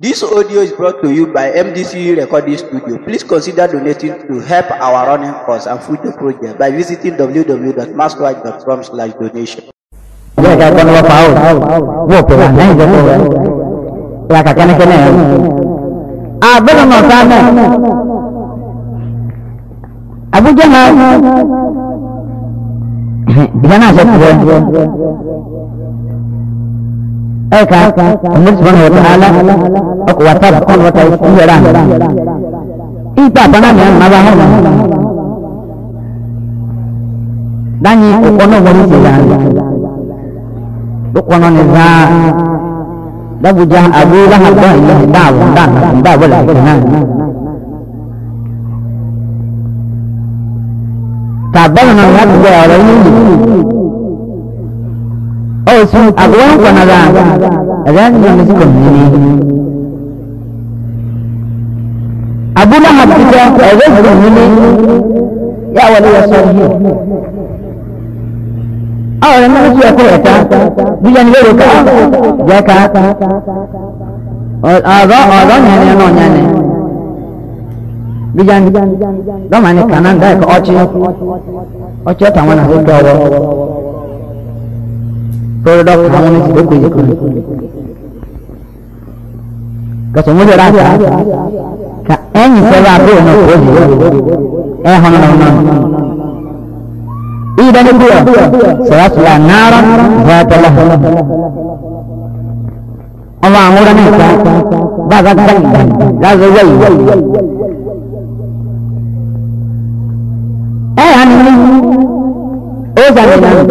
This audio is brought to you by MDC Recording Studio. Please consider donating to help our running costs and future projects by visiting www.maskwatch.com slash donation. Dia kata kan wa pau, wa pera nai dia tu. Lah kata ni kena. Ah benar mau sana. Abu Jahal. Di mana saya? aika Allah subhanahu wataala wa tabqan wa tayyira ita bana ne ma ba hawa dani ko no wori se ya ko no ne za da buja abu la hada ya da wa da da wala ke na ta ba na ya da wa ni agwayan kwanaga ran da miskan ne abu na hafita a rashin ne ya wani ya sarhi a wani na su ya koyata biyan yaro ka ya ka ọ̀rọ̀ ọ̀rọ̀ yẹn ni ọ̀nà yẹn ni bijan lọ́mọ ni kanan dáìkọ̀ ọtí ọtí ọ̀tàwọn àti ìdọ̀rọ̀. bird of harmony itu kuih kuih kasih mulai rasa kah eh ini saya baru nak kuih eh hana hana ini dah nak kuih saya sudah nara saya telah Allah mula ni kah bagai kain lagu wayu eh hana ini Oh, eh, jangan-jangan.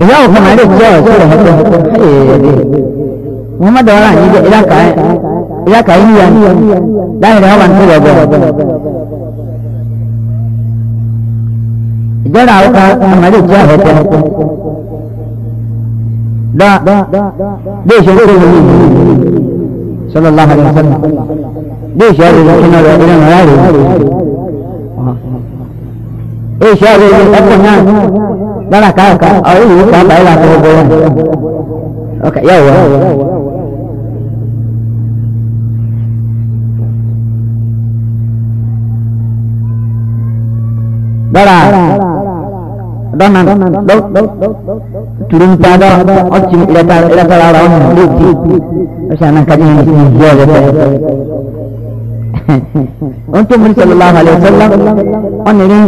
Ilau kemarin itu sudah itu. Mama doa ni je ilah kai. Ilah kai ni yang. Dah ada orang tu juga. Jadi awak kemarin itu sudah itu. Dah, dia sudah itu. Sallallahu alaihi wasallam. Dia sudah itu kena ada orang lain. Eh, sudah itu tak pernah. bana kaya ka a yi yi kwamba ila ko goyon ok yawa dara donan do turun pada ocin ilata ilata la rawan bukti sana kaji ni dia dia untuk Nabi sallallahu alaihi wasallam on ini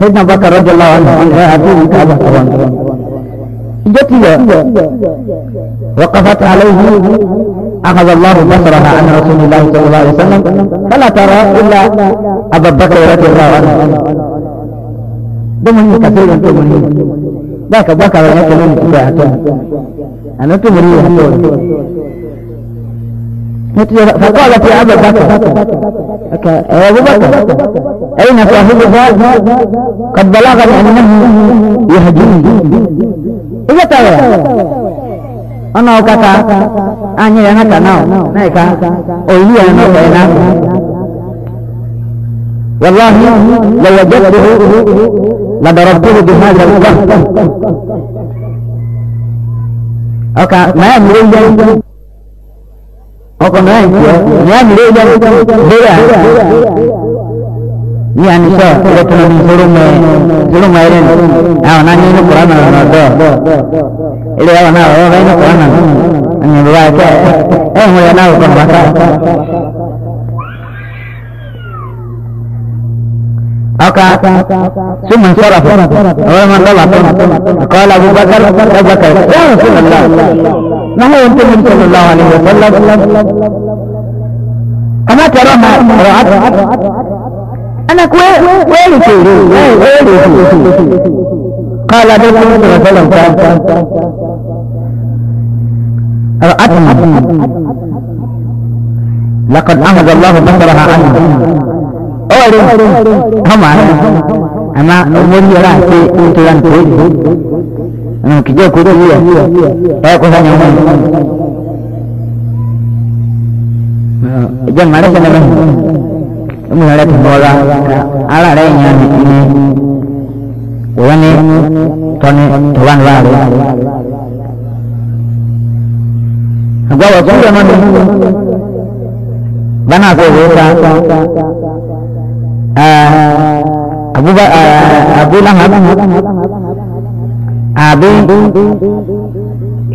سيدنا بكر رضي الله عنه عن هذه الكعبة طبعا جت وقفت عليه أخذ الله بصرها عن رسول الله صلى الله عليه وسلم فلا ترى إلا أبا بكر رضي الله عنه دمني كثيرا دمني ذاك بكر رضي الله عنه أنا تمري فقالت يا أبا بكر أكيد. أبو بكر أين صاحب الزاد قد بلغني أنه يهجم إذا ترى أنا أوكاكا أني أنا كنا نايكا أولي أنا بينا والله لو وجدته لضربته بهذا الوقت أوكا ما يمرون ောက်ကနိုင်ပြည်မလေးကြောင့်ဒေရာညာနိစ္စကလေးတမီးဆုံးမဲ့ဒီလိုမရင်အာနာနိနကုရနာတော့အဲ့ဒီကနာဘယ်နဲ့ကုရနာအင်းလိုရတဲ့အဲ့ဟိုရနာကိုပတ်တာ أكا ثم انصرف أول ما انطلق قال أبو بكر أبو بكر يا رسول الله ما هو النبي صلى الله عليه وسلم أما ترى ما رأت أنا كويل ويلي ويلي قال أبو بكر صلى الله عليه وسلم رأتني لقد أمد الله بصرها عنها đi không phải anh mà muốn nhiều là chị tôi làm cuối ừ, cái giờ cuối tôi nhiều em có sao nhau không ờ, dân mà đấy cho nên mình ở đây thì mua ra à là đây nhà này của anh ấy toàn thủ ăn vào đấy Gua wa jumpa mana? Mana aku buka? Ah, Abu Ba ah, Abu Lahab ah, Abu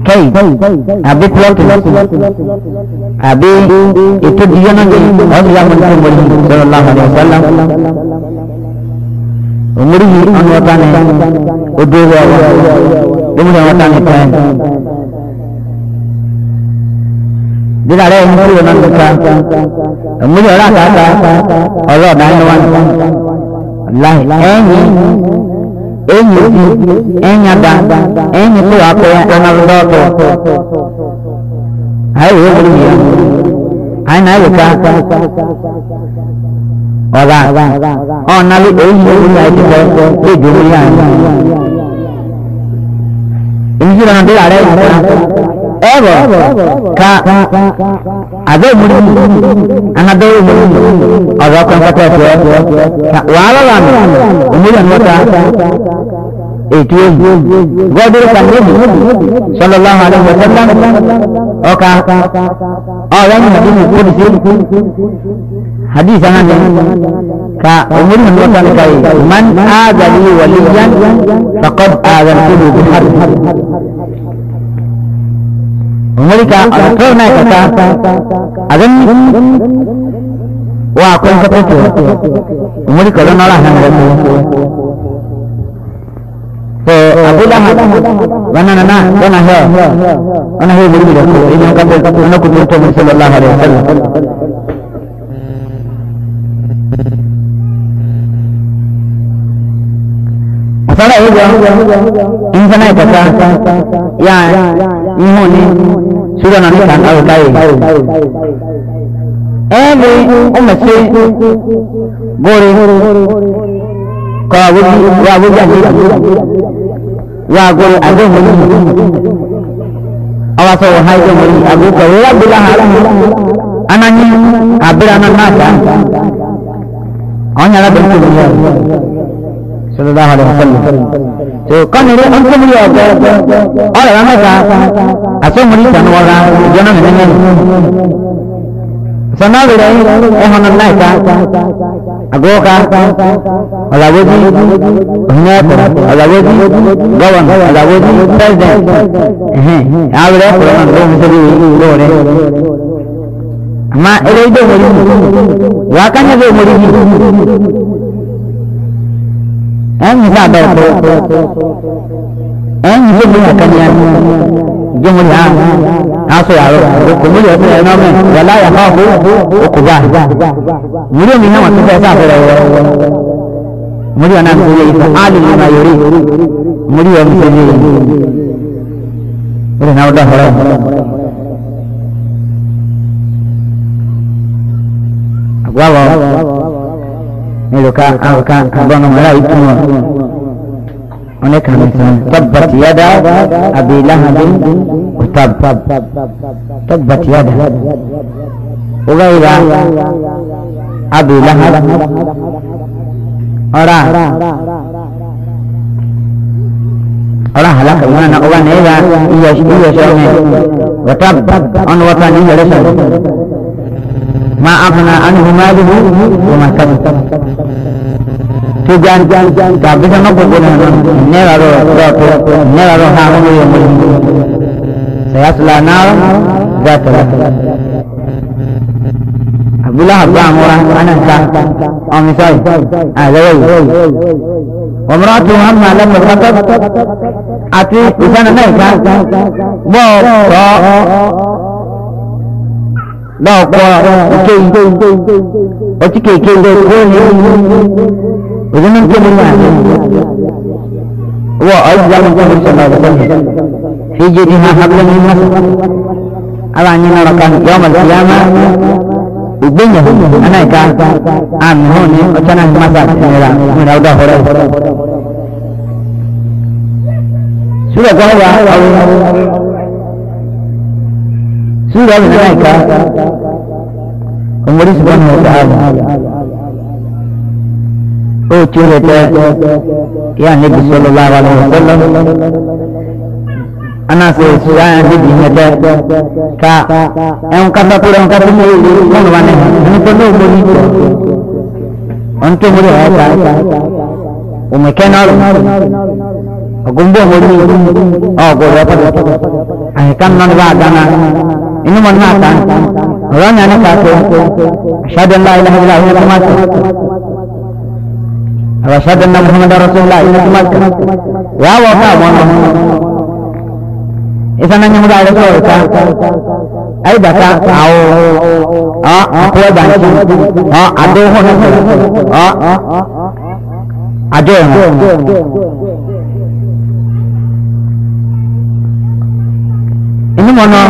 Kay Abu Kulat Abu itu dia nanti Allah menjadi wali Sallallahu Alaihi Wasallam Umur ini anwatan Udwa Umur anwatan Umur anwatan đi ra đây anh ở đâu bila leo mkuu na nuka mmoja raka hata Allah na ndo wana Allah enyi enyi enyada enyi tu hapo anarudoko hayo hiyo ni haina hiyo ka oda ona li enyi una ite ke jumuiya injira ndio ale ever ka ada muri ana do muri aga kan kata ke wala la muri an wata itu god is the sallallahu alaihi wasallam oka oh, orang oh, yang hadis hadis hadis sangat ka umur menurutkan kai man azali waliyan takut ada bin harf mulika alkarna kata adan wa akon kata tu mulika lana lah nama dan so abu lah mana nana mana he mana he mulika ini yang kata anak kutu itu sallallahu alaihi wa sallam Sara hizo hizo naye kaka ya mhoni sura na nika au kai. Ewe umese gore kwa wudi wa wuja hizi wa gore azo huni awaso haizo muri abu kwa wala bila hala anani abira na nata onyala bintu bila sallallahu alaihi wasallam to kanere anko muri ata ara ramai ka aso muri tanwara jana menen sana dere eh hanan nai ka ago ka alawe ji bhanga ta alawe ji gawan alawe ji tajde eh alawe kurana ro mutu ro re ma ere ido muri wakanya ge muri ਹੈ ਨਾ ਬੈਠੋ ਐਂ ਜਿਵੇਂ ਕੰਨਿਆ ਜਮਲਾ ਆਸੇ ਆਰੋ ਕੁਮਲੇ ਆਪਣੇ ਨਾਮ ਗਲਾ ਯਾ ਹੋ ਕੁਬਾ ਮੇਰੇ ਮੀਨ ਨਾਮ ਤੇ ਪੈਸਾ ਫੇਰ ਰਿਹਾ ਮੇਰੇ ਨਾਮ ਕੋਈ ਇਸ ਆਲੀ ਨਾ ਯੋਰੀ ਮੇਰੇ ਅੰਤ ਨਹੀਂ ਮੇਰੇ ਨਾਮ ਦਾ ਹੜਾ ਅਗਵਾ ਵਾ mereka akan kembali mulai semua. Oleh kerana itu, tabbat yada Abi Lahab Utab Tabbat yada Ughaira Abi Lahab Ora Ora halak kemana Ughaira Iyash Iyash Utab On watani Iyash ma afna anhu malihi wa ma kasab tujan jan jan ka bisa nopo bona ne raro raro ne raro ha ngi yo mo saya sala na ga ta abula ha ba ngora ana ka on ah, sai a lewe omratu amma lam khatab ati isana nai ka bo 那花一根，我只给根的花呢，不是能给你吗？我儿子让你给我生了个孙子，谁叫你还还不给你吗？阿拉你那个干，要么是要么，一定要，阿奶干，阿母后呢，我叫你妈干，你来，你来我这回来。除了干活，还有。sudah mereka kembali sebenarnya Taala. Oh cerita yang Nabi Sallallahu Alaihi Wasallam anak saya sudah di mana ka yang kata tu yang kata tu pun mana ini perlu beri untuk beri apa umat kenal gumbo beri oh boleh apa ayat ah, kan mana Inu mana kan? orang yang nak asyhadu an la ilaha illallah wa asyhadu anna muhammadar asyhadu anna rasulullah ini mengatakan ya wa ka wa nah itu nanya muda ada tu kan ai data tahu ah aduh, bangsa ah, aduh. ada hono ah ada ini mana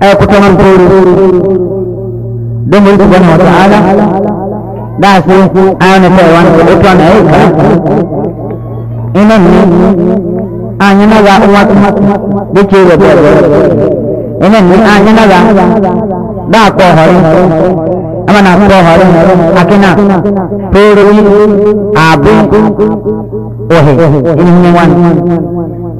eh kutangan puru dan mulai subhanahu wa ta'ala dah suruh ayana tewan kebutuhan eh ini ni ayana ga umat dikira bebe ini ni ayana ga dah kohori ama na kohori akina puru abu ohe ini ni wani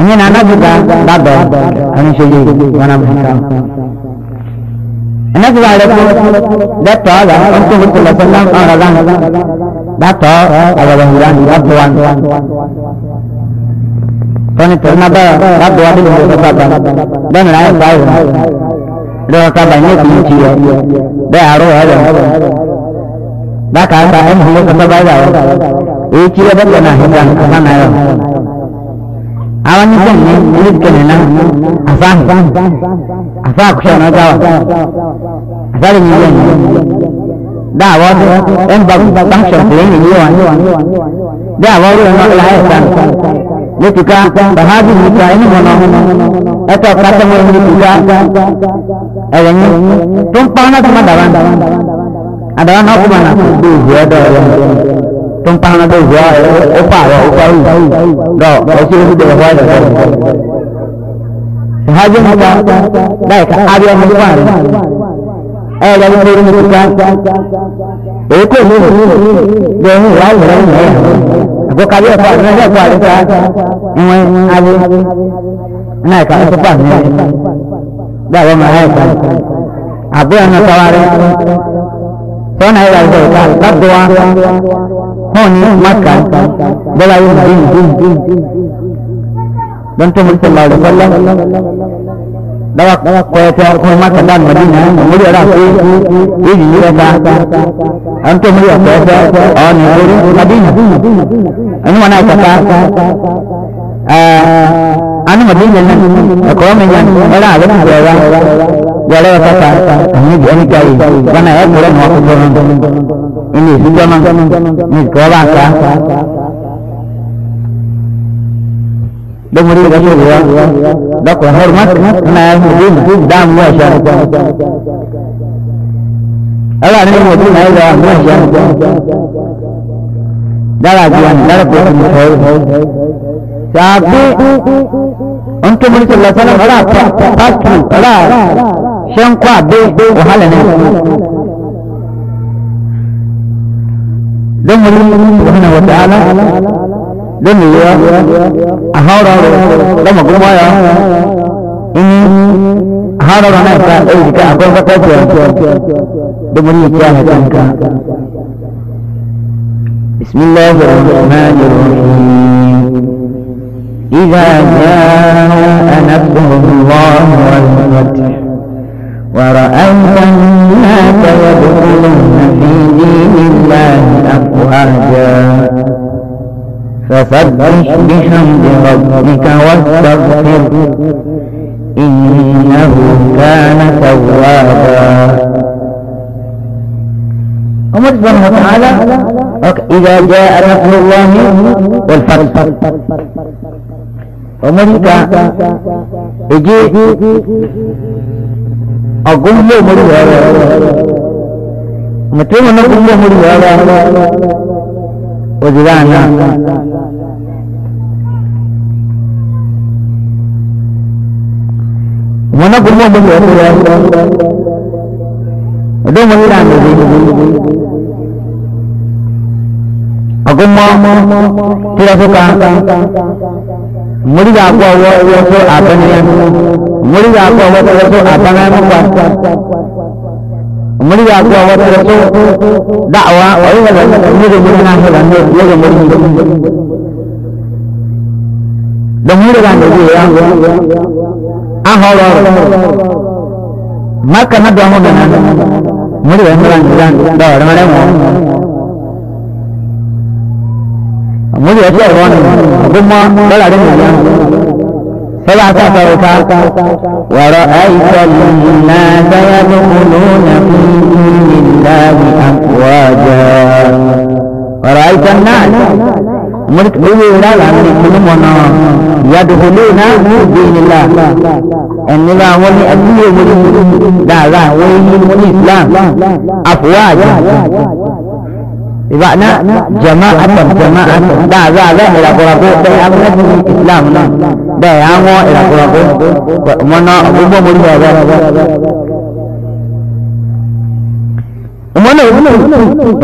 અને નાના જુદા દાદો અને શિવજી મારા ભૂતા અને જવાડે દત્તો આલા અંતુ મુત લસલા આરાધન દત્તો આલા હુરાન દત્તવાન પણ તરના બા રાદો આદિ મુત સાબા બન રાય સાય રો કા બાઈ ને તી છી બે આરો હે દાકા સા એમ હમે સબાઈ જાવ એ ચીલે બદલે ના હે જાન ખાના ના hawa ni kwenye ni kwenye na afahi afahi kusha na kawa afahi ni kwenye da wadu emba kubakisha kwenye ni yuwa da wadu emba kula hae sana lituka bahadi mika ini mwono eto kata mwono lituka ayanyi eh, tumpana tumadawan adawan hukumana kudu ziyadawan tun pana da zuwa ya fara ya faru da wasu wasu da yawa da zai shahajin haka da ya ka'ariyar mutuwari a yi gani ko rumu tuka da ya kone ne da yin ya yi rayu ne ko ka biya kwa na kwa da ta in wani abu ina ka wasu fa ne da ba ma haifa abu yana tawari sau na yi rayu da ta هون مكة بلا يوم دين دين دين بنتم صلى الله عليه وسلم دوا قويتا كون مكة دان مدينة مريد راكي يجي يرتا أنتم مريد قويتا أون يقول مدينة أنا وانا أتكا أنا مدينة أقوى من جان أنا أغنى جوا جوا أتكا أنا جاني كاي وانا أقول أنا أقول nínú ìsúnjọ́nà nǹkan ọba nǹkan. lọ́mọdé ìgbà tó wúwa dọ́kọ̀ ọ̀hún náà ẹ̀ ń bí dáàmú ẹ̀ṣẹ̀ nìkan. ẹ̀rọ àti nínú ìdí náà ẹ̀rọ àmú ẹ̀ṣẹ̀ nìkan. dára ju àmì dára pé kò ní sọ ọ́. sàbí tó lọ sọ́nà ọ̀rá pàtàkì ọ̀rá ṣẹ́ńkọ́ àbẹ́ wàhálà náà. don wani wani wata ala don ne ya a haura don magunwa ya in haura na ta ɗauki ka akwai zaka ce don wani ya ce a ka بسم الله الرحمن الرحيم إذا جاء فسبح بحمد ربك واستغفر إنه كان توابا الله سبحانه وتعالى إذا جاء نصر الله والفتح وملك يجي أقول له مريض هذا متى ما نقول له مريض هذا wọn náà kò mọ ọdún rẹ rẹ ọdún wọn yíra mi rí ọkọ mọ tìrẹsíkà mọlìyà àpò ọwọ ọwọsọ àbẹnẹ mọlìyà àpò ọwọ ọwọsọ àbẹnẹ nípa mọlìyà àpò ọwọ ọwọsọ dáwà ọyọ rẹ nígbà mọlìyà náà hẹlẹ ní ọjọ mọlìyà dọmọlìyà náà rí rẹ. ahalar maka na do amon na muri wa mara orang dan da wa mara mo muri ya ta ron kuma da la ni ya sala sa ta ta wa ra aita minna da ya dukuluna fi dunillahi amwaja wa உங்களுக்கு முடிவுகளால் அன்னை குடும்பம் يدخلون في دين الله انما هم ابي مريد لا لا ويهم الاسلام افواجا بمعنى جماعة جماعة دا دا دا إلى قرابو دا يعمل الإسلام دا يعمل إلى قرابو منا أبو مريد هذا ومنا أبو مريد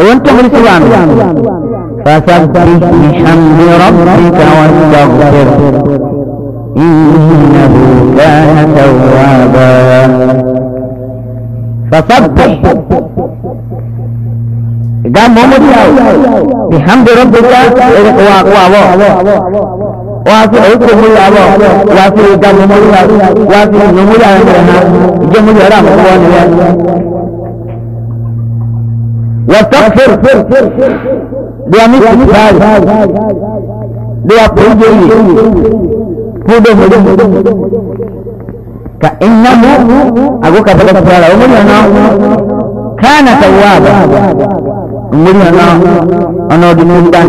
وانت مريد فسبح بحمد ربك واستغفر إنه كان توابا فسبح دا محمد بحمد ربك واستغفر وا وا وا They are not prepared. They are praying. Put them in ka innahu ago ka daga tsara umuri ana kana tawwaba umuri ana ana di mudan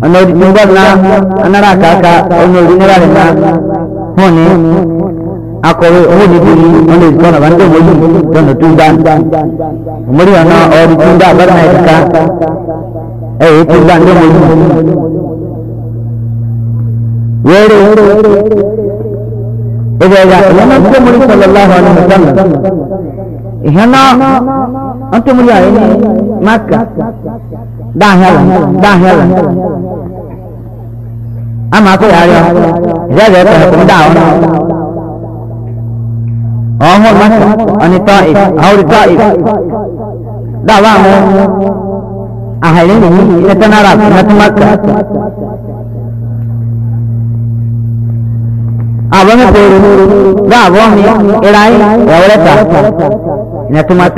ana di mudan na ana ra ka ka umuri ne ra na hone akọ̀wé owó níbi ọ̀nà ìtọ́nà bá ń dé wọ́yí lọ́nà tó ń dá mọ́rí ọ̀nà ọ̀rí tó ń dá bá náà ìdíkà ẹ̀yẹ́ tó ń dá ń dé wọ́yí. wẹ́rẹ́ ẹ̀rẹ́ ẹ̀yà ìyànà tó mọ́rí sọ̀rọ̀ láhùn ọ̀nà ìtọ́nà ìyànà ọ̀tọ́ mọ́rí ọ̀rẹ́ ní máka dáhẹ́lá dáhẹ́lá àmà kó yàrá ìyá rẹ̀ pẹ̀lú dáhùn náà. Muhammad Mas ani Taif hauri Taif dawa mo ahli ni tetanara matmak awan peru dawa ni erai yaureta natmak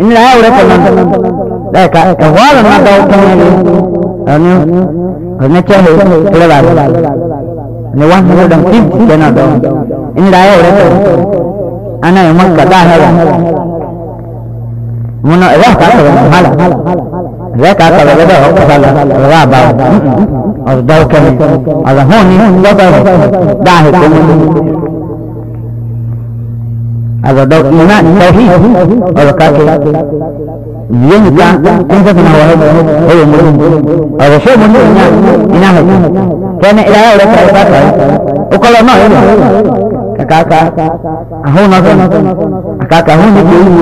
ini lah yaureta nan deka kawalan na dawa ni anu anu chahe lebar ni wah ni dong tim kenado ini lah yaureta أنا يوم كذا هذا من راه كذا هلا راه كذا هذا هو كذا رابع أو ده كم هذا هون ده ده كم هذا ده إيمان توحيد هذا كذا yin ka kun ka kana wani oyo mun a rashe mun ina ina هذا kana ila yau da ka ka ko kala ma akaka ahun ọsọ akaka ahun ni kiri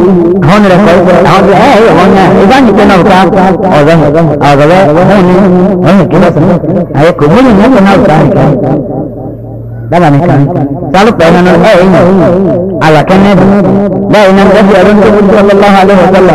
ahun rẹ kọ ikọ ahun rẹ ẹ ẹ wọn yẹn ìgbà ní kẹna ọta ọzọ ọzọbẹ ahun ni wọn yẹn kiri ọsọ ayẹ kò mú ní ní kẹna ọta nìkan dábàá nìkan sálùpẹ̀ ẹ̀ nínú ẹ̀ ẹ̀yìn alàkẹ́ nẹ́ẹ̀dì báyìí náà ẹ̀fẹ̀ ẹ̀rọ ní ọlọ́lọ́hà lẹ́wọ̀n sọ́lá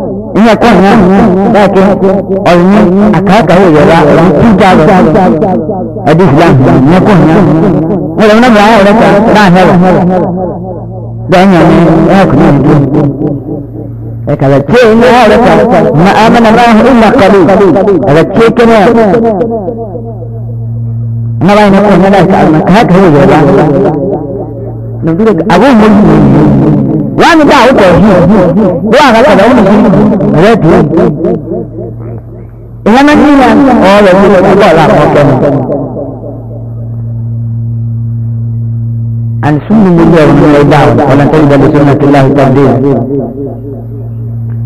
ìyẹn kọ́ ìyẹn bẹ́ẹ̀kẹ́ ọ̀rùn àkàkàwé ìyọ̀ra tíjà rẹ̀ ẹ̀dí islam ìyẹn kọ́ ìyẹn wọ́n lọ́wọ́ náà àwọn ọ̀rẹ́ kan láàárín ẹ̀rọ bẹ́ẹ̀ni ọ̀rẹ́ ẹ̀rọ kan náà dúró ẹ̀ka rẹ̀ tí èyí náà ọ̀rẹ́ kan ma amẹ́nà máa ń ìlà kọ́lé ẹ̀rẹ̀ tí èké náà ọmọ báyìí náà kọ́ ìyẹn láì anh em đi đi đi ani ba o đi wọ́n àgàtàdà ó nìyí rẹ̀ anh ìyá náà nílẹ̀ ọ̀rọ̀ ìlú ọ̀dọ́ làkọ́ tẹ̀lé. عن سن النبي ومن يدعو ولن تجد لسنة الله đi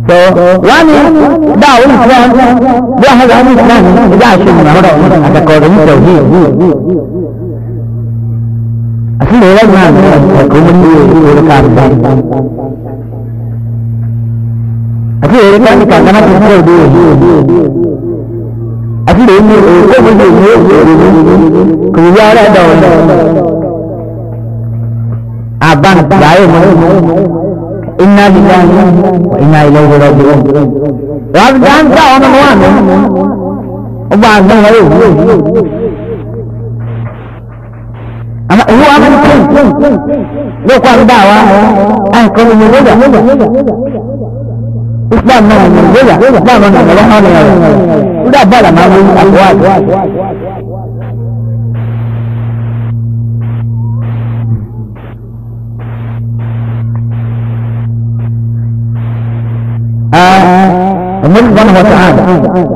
so wani da đi kuwa da hada đi kuwa da shi đi hada a takwaro đi tauhid അഖിലേവന്മാരാണ് കുടുംബത്തിൽ അത് ഏതാണ് കണ്ണന പുസ്തകം അതിലേന്ന് കൂവാരാണ്ടാവുന്നു അതാണ് പ്രായമാണ് ഇന്നാലില്ലാന്ന് ഇന്നായിലോ കൂടെ ഞാൻ കാണുവാണ് ഒപ്പം അങ്ങനെ ama huwa amani kin bai kwan dawa ai ko mun yi da islam na mun yi da islam na mun yi da uda bala ma mun akwa ah mun ban wa ta'ala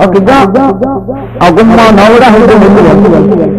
okay ga agumma nawra hudu mun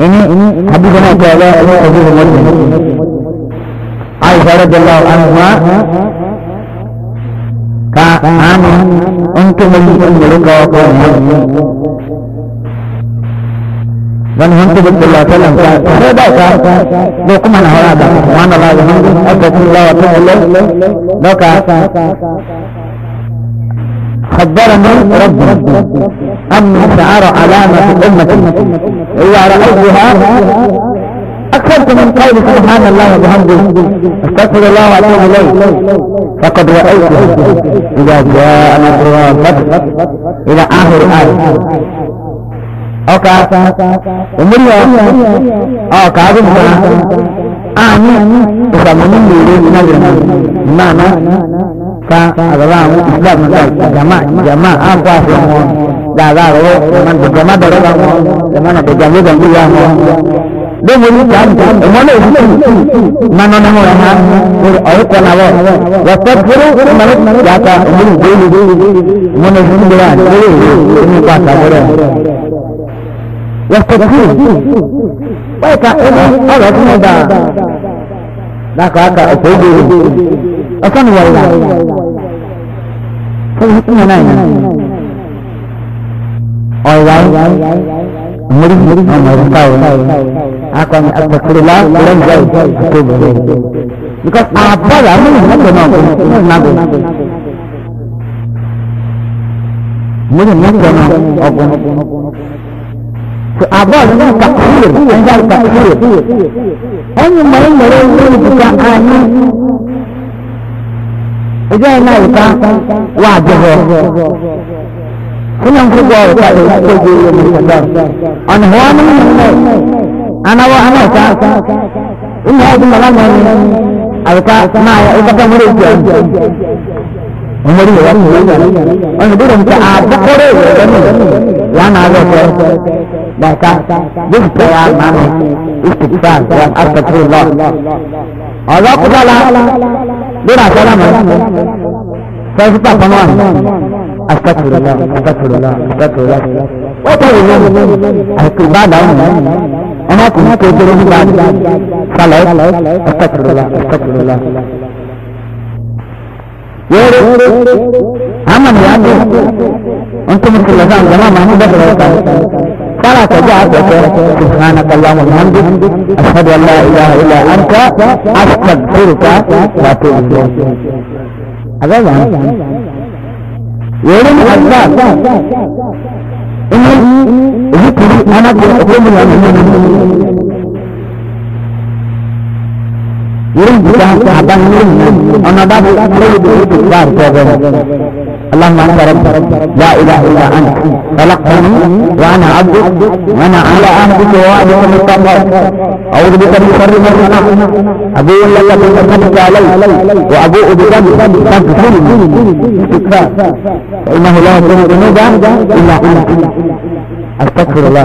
ini ini Abu Hurairah ini Abu Hurairah Aisyah radhiyallahu anha ka am untuk melihat mereka apa dan hantu betul lah dalam cara dasar loko mana orang ada mana lagi hantu atau pun lawat pun lo loka قدرني ربنا أما شعار علامة الأمة هي رأيتها أكثرت من قول سبحان الله وبحمده استغفر الله وأتوب إليه فقد رأيتها إذا جاء نصر ربك إلى آخر الآية أو كعب أمريا أو كعب ani ani usamuni mbili na jina mama ka agaramu islam na jama jama apa semua dada ro man jama dada ro jama na jama jama dia ro de muni jam mo le mana na mo ha ur au ko na ro wa ta guru mana ya ka mun de ni mo ne mun de ni ni pa ta ro واستغفره ويتعلم على المدى ذاك هكا أتوبه أصلا ولا فالحكمة نايم أولاً مريم أما يستوي أكون أتذكر الله ولن جاي أتوبه because أعطى لأمين هكذا نعم نعم مريم يكون أبو abọ́ọ̀lù náà kàkúrò ẹ̀yà kàkúrò ẹ̀yìn mọ̀rẹ́ mọ̀rẹ́ ní ìdíkà ayé ìjọ iná ìta wà jẹ̀bọ̀ kúnyẹ̀ nkúgbọ̀ ọ̀rọ̀ kàdé ìkójú ìlú ìṣẹ̀dọ̀ ọ̀nà ìwà ní ìlú anáwọ̀ anáwọ̀ta ìmọ̀ ọdún mọ̀lá mọ̀rin àrùká máa yẹ ìkọ́kọ́ mọ̀rẹ́ ìjọ umuri ya watu wengi ana bora mta abukore yani yana wote baka this prayer man istighfar wa astaghfirullah Allah kudala bora salama eh? sasa papa mwana astaghfirullah astaghfirullah astaghfirullah wote wengi akibada eh? ana kuna kutoro mbali salat astaghfirullah astaghfirullah ఏడు అమ్మండి అంటే ముందు قال تجاء سبحانك اللهم الحمد أشهد أن لا إله إلا أنت أستغفرك وأتوب إليك هذا هو يوم الأسباب إني ذكر أنا أقول لهم اللهم انت رب لا اله الا انت خلقتني وانا عبدك وانا على عهدك ووعدك مستقر اعوذ بك من شر ما خلقت ابوء لك بنعمتك علي وابوء بذنبك فاغفرني استغفار فانه لا يغفر الذنوب الا انت استغفر الله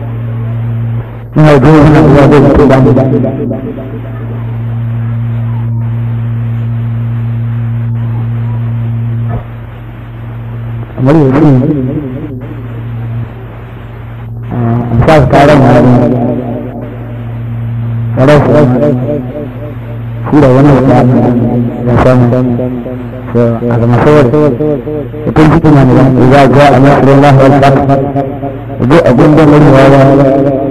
Mengajukan Allah dan Tuhan Mari ini Masa sekarang Kalau Sudah banyak Rasanya Agama sore Itu itu yang Ibu Allah Ibu Allah Ibu Allah Ibu Allah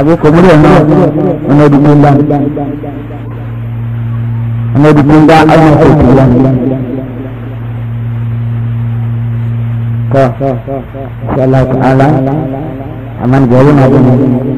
Aku kemudian nak menaik di pundak. Menaik di pundak ayam aku pulang. Kau, Allah Ta'ala, aman jauh nak menaik.